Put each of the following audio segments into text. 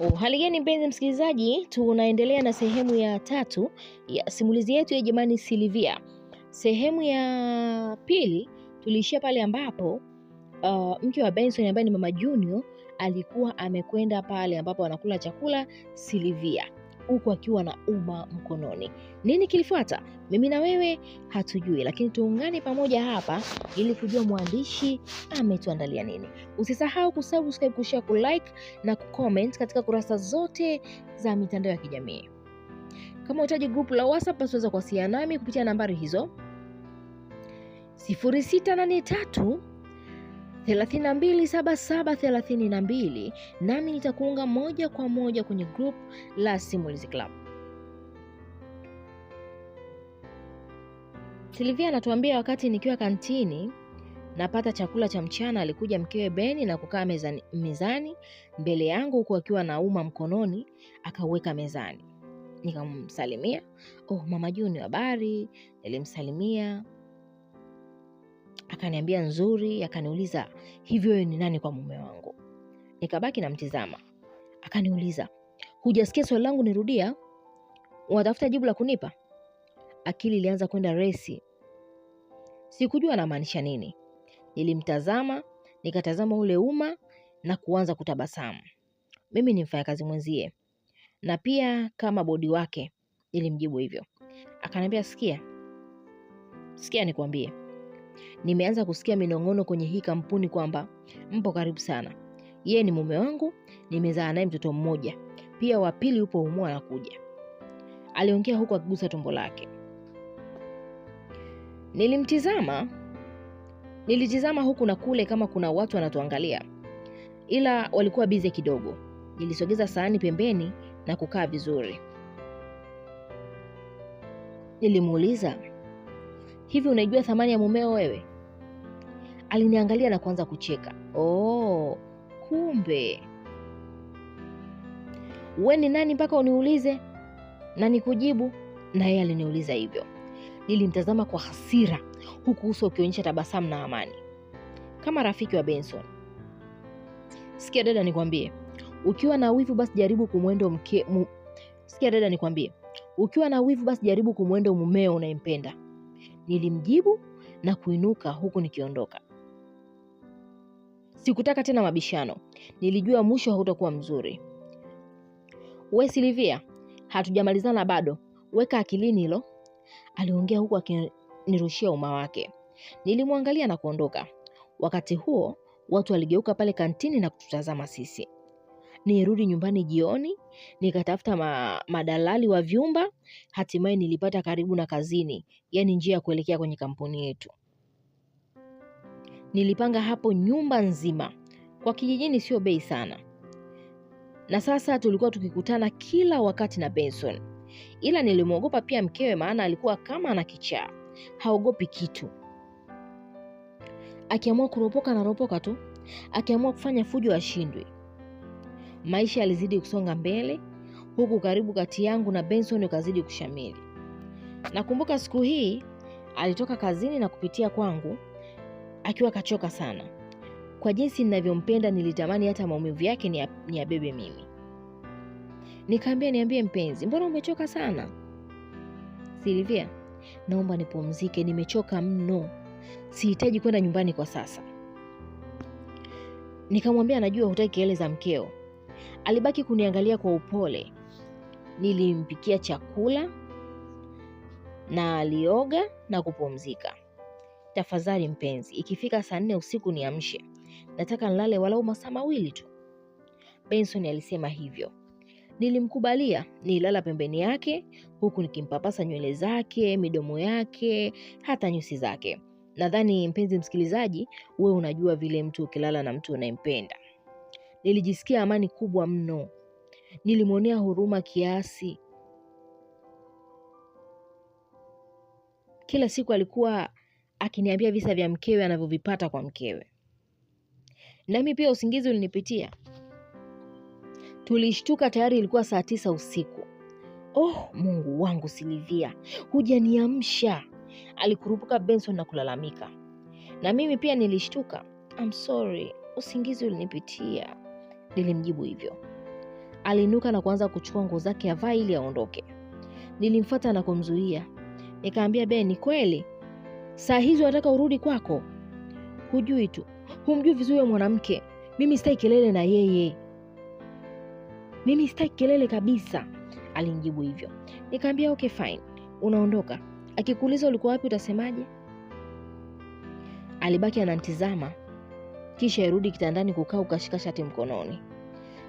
Oh, hali gani mpenzi msikilizaji, tunaendelea na sehemu ya tatu ya simulizi yetu ya Jamani Silivia. Sehemu ya pili tuliishia pale ambapo uh, mke wa Benson ambaye ni mama Junior alikuwa amekwenda pale ambapo anakula chakula Silivia huku akiwa na uma mkononi. Nini kilifuata? Mimi na wewe hatujui, lakini tuungane pamoja hapa ili kujua mwandishi ametuandalia nini. Usisahau kusubscribe, kushare, kulike na kucomment katika kurasa zote za mitandao ya kijamii. Kama unahitaji grupu la WhatsApp basi unaweza kuwasiliana nami kupitia nambari hizo 0683 327732 nami nitakuunga moja kwa moja kwenye group la Simulizi Club. Silvia anatuambia wakati nikiwa kantini napata chakula cha mchana, alikuja mkewe Beni na kukaa mezani, mezani mbele yangu huku akiwa na uma mkononi akauweka mezani. Nikamsalimia, oh, mama Juni, habari? Nilimsalimia. Akaniambia nzuri, akaniuliza hivyo wewe ni nani kwa mume wangu? Nikabaki namtizama. Akaniuliza, hujasikia swali langu nirudia? Unatafuta jibu la kunipa? Akili ilianza kwenda resi, sikujua anamaanisha nini. Nilimtazama, nikatazama ule uma na kuanza kutabasamu. Mimi ni mfanyakazi mwenzie na pia kama bodi wake, nilimjibu hivyo. Akaniambia, sikia sikia, nikwambie nimeanza kusikia minong'ono kwenye hii kampuni kwamba mpo karibu sana. Yeye ni mume wangu, nimezaa naye mtoto mmoja, pia wa pili yupo umu anakuja, aliongea huku akigusa tumbo lake. Nilimtizama, nilitizama huku na kule kama kuna watu wanatuangalia, ila walikuwa bize kidogo. Nilisogeza sahani pembeni na kukaa vizuri. Nilimuuliza, hivi unaijua thamani ya mumeo wewe? Aliniangalia na kuanza kucheka. Oh, kumbe we ni nani mpaka uniulize na nikujibu? Na yeye aliniuliza hivyo. Nilimtazama kwa hasira, huku uso ukionyesha tabasamu na amani kama rafiki wa Benson. Sikia dada, nikwambie, ukiwa na wivu basi jaribu kumwendo mke mu... Sikia dada, nikwambie, ukiwa na wivu basi jaribu kumwendo mumeo unayempenda. Nilimjibu na kuinuka huku nikiondoka. Sikutaka tena mabishano, nilijua mwisho hautakuwa mzuri. We Silivia, hatujamalizana bado, weka akilini hilo, aliongea huku akinirushia uma wake. Nilimwangalia na kuondoka. Wakati huo watu waligeuka pale kantini na kututazama sisi. Nirudi nyumbani jioni, nikatafuta ma, madalali wa vyumba, hatimaye nilipata karibu na kazini, yaani njia ya kuelekea kwenye kampuni yetu. Nilipanga hapo nyumba nzima, kwa kijijini sio bei sana, na sasa tulikuwa tukikutana kila wakati na Benson, ila nilimwogopa pia mkewe, maana alikuwa kama ana kichaa, haogopi kitu. Akiamua kuropoka anaropoka tu, akiamua kufanya fujo ashindwi. Maisha yalizidi kusonga mbele huku karibu kati yangu na Benson ukazidi kushamili Nakumbuka siku hii alitoka kazini na kupitia kwangu akiwa kachoka sana. Kwa jinsi ninavyompenda, nilitamani hata maumivu yake niyabebe mimi. Nikaambia, niambie mpenzi, mbona umechoka sana? Silvia, naomba nipumzike, nimechoka mno, sihitaji kwenda nyumbani kwa sasa. Nikamwambia najua hutaki kelele za mkeo, Alibaki kuniangalia kwa upole. Nilimpikia chakula na alioga na kupumzika. Tafadhali mpenzi, ikifika saa nne usiku niamshe, nataka nilale walau masaa mawili tu. Benson alisema hivyo. Nilimkubalia, nilala pembeni yake huku nikimpapasa nywele zake, midomo yake, hata nyusi zake. Nadhani mpenzi msikilizaji, wewe unajua vile mtu ukilala na mtu unayempenda Nilijisikia amani kubwa mno. Nilimwonea huruma kiasi. Kila siku alikuwa akiniambia visa vya mkewe anavyovipata kwa mkewe. Nami pia usingizi ulinipitia. Tulishtuka tayari ilikuwa saa tisa usiku. Oh, Mungu wangu Silivia, hujaniamsha, alikurupuka Benson na kulalamika. Na mimi pia nilishtuka. I'm sorry, usingizi ulinipitia. Nilimjibu hivyo. Aliinuka na kuanza kuchukua nguo zake avaa ili aondoke. Nilimfuata na kumzuia, nikaambia Ben, kweli saa hizi unataka urudi kwako? Hujui tu, humjui vizuri mwanamke. Mimi sitaki kelele na yeye, mimi sitaki kelele kabisa. Alinijibu hivyo, nikaambia okay, fine, unaondoka. Akikuuliza ulikuwa wapi, utasemaje? Alibaki anantizama kisha irudi kitandani kukaa ukashika shati mkononi.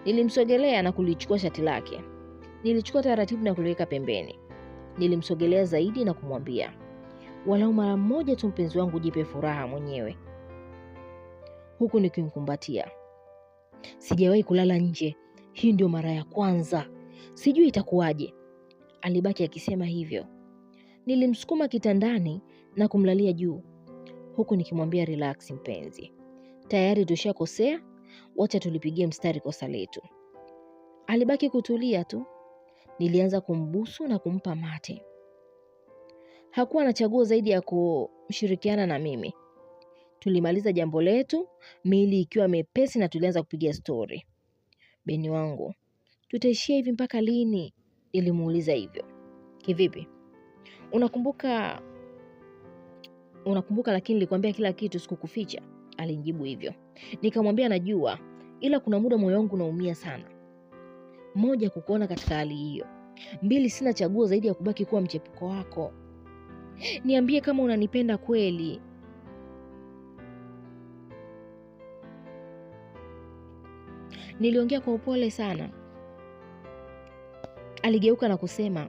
Nilimsogelea na kulichukua shati lake. Nilichukua taratibu na kuliweka pembeni. Nilimsogelea zaidi na kumwambia, walau mara mmoja tu mpenzi wangu, jipe furaha mwenyewe, huku nikimkumbatia. Sijawahi kulala nje, hii ndio mara ya kwanza, sijui itakuwaje. Alibaki akisema hivyo. Nilimsukuma kitandani na kumlalia juu, huku nikimwambia relax mpenzi tayari tushakosea, wacha tulipigie mstari kosa letu. Alibaki kutulia tu. Nilianza kumbusu na kumpa mate. Hakuwa na chaguo zaidi ya kushirikiana na mimi. Tulimaliza jambo letu, miili ikiwa mepesi, na tulianza kupiga stori. Beni wangu, tutaishia hivi mpaka lini? Nilimuuliza hivyo. Kivipi? Unakumbuka? Unakumbuka, lakini nilikwambia kila kitu, sikukuficha alinjibu hivyo. Nikamwambia najua, ila kuna muda moyo wangu unaumia sana. Moja, kukuona katika hali hiyo; mbili, sina chaguo zaidi ya kubaki kuwa mchepuko wako. Niambie kama unanipenda kweli. Niliongea kwa upole sana. Aligeuka na kusema,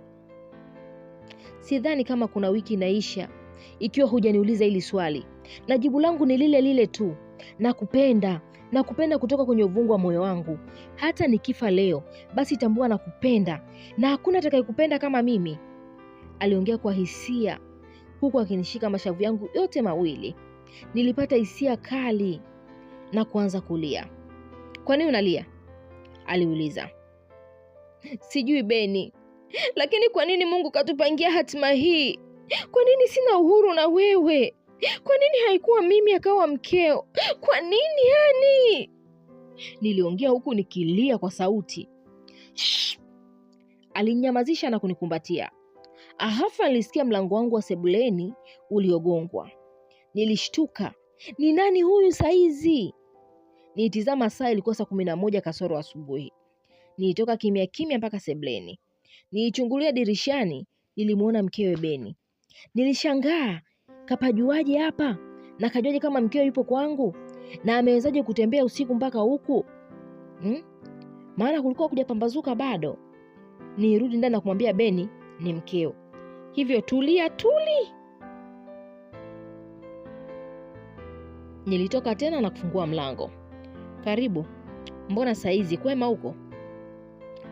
sidhani kama kuna wiki inaisha ikiwa hujaniuliza hili swali na jibu langu ni lile lile tu, nakupenda nakupenda kutoka kwenye uvungu wa moyo wangu. Hata nikifa leo, basi tambua nakupenda, na hakuna atakayekupenda kama mimi. Aliongea kwa hisia, huku akinishika mashavu yangu yote mawili. Nilipata hisia kali na kuanza kulia. Kwa nini unalia? Aliuliza. Sijui Beni, lakini kwa nini Mungu katupangia hatima hii? Kwa nini sina uhuru na wewe? Kwa nini haikuwa mimi akawa mkeo? Kwa nini yani? Niliongea huku nikilia kwa sauti. Shh! Alinyamazisha na kunikumbatia. Ahafa, nilisikia mlango wangu wa sebuleni uliogongwa. Nilishtuka, ni nani huyu saizi? nitizama saa, ilikuwa saa kumi na moja kasoro asubuhi. Nilitoka kimya kimya mpaka sebuleni. Nilichungulia dirishani, nilimwona mkewe Beni. Nilishangaa, kapajuaje hapa na kajuaje kama mkeo yupo kwangu na amewezaje kutembea usiku mpaka huku hmm? maana kulikuwa pambazuka bado nirudi ndani na kumwambia beni ni mkeo hivyo tulia tuli nilitoka tena na kufungua mlango karibu mbona saizi kwema huko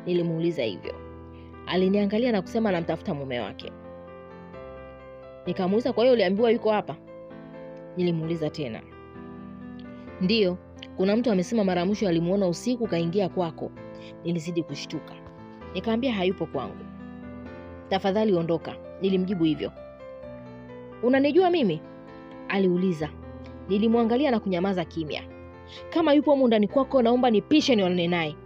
nilimuuliza hivyo aliniangalia na kusema anamtafuta mume wake Nikamuuliza, kwa hiyo uliambiwa yuko hapa? Nilimuuliza tena. Ndiyo, kuna mtu amesema mara mwisho alimuona usiku kaingia kwako. Nilizidi kushtuka, nikaambia hayupo kwangu. Tafadhali ondoka, nilimjibu hivyo. Unanijua mimi? aliuliza. Nilimwangalia na kunyamaza kimya. Kama yupo humu ndani kwako, naomba nipishe nionane naye,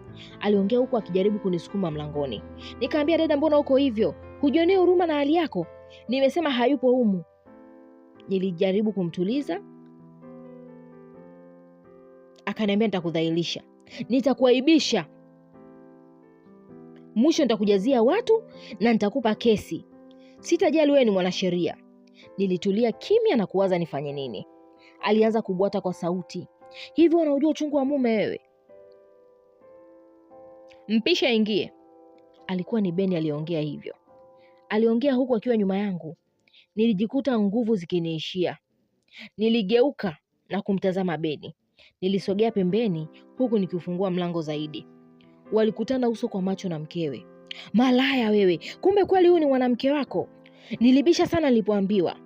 aliongea huku akijaribu kunisukuma mlangoni. Nikaambia, dada, mbona uko hivyo? Hujionee huruma na hali yako? nimesema hayupo humu. Nilijaribu kumtuliza, akaniambia nitakudhailisha nitakuaibisha, mwisho nitakujazia watu na nitakupa kesi, sitajali wewe ni mwanasheria. Nilitulia kimya na kuwaza nifanye nini. Alianza kubwata kwa sauti, hivyo unaujua uchungu wa mume wewe? Mpisha ingie. Alikuwa ni Beni aliyeongea hivyo. Aliongea huku akiwa nyuma yangu. Nilijikuta nguvu zikiniishia. Niligeuka na kumtazama Beni. Nilisogea pembeni huku nikiufungua mlango zaidi. Walikutana uso kwa macho na mkewe. Malaya wewe, kumbe kweli huyu ni mwanamke wako? Nilibisha sana nilipoambiwa,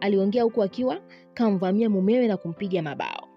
aliongea huku akiwa kamvamia mumewe na kumpiga mabao.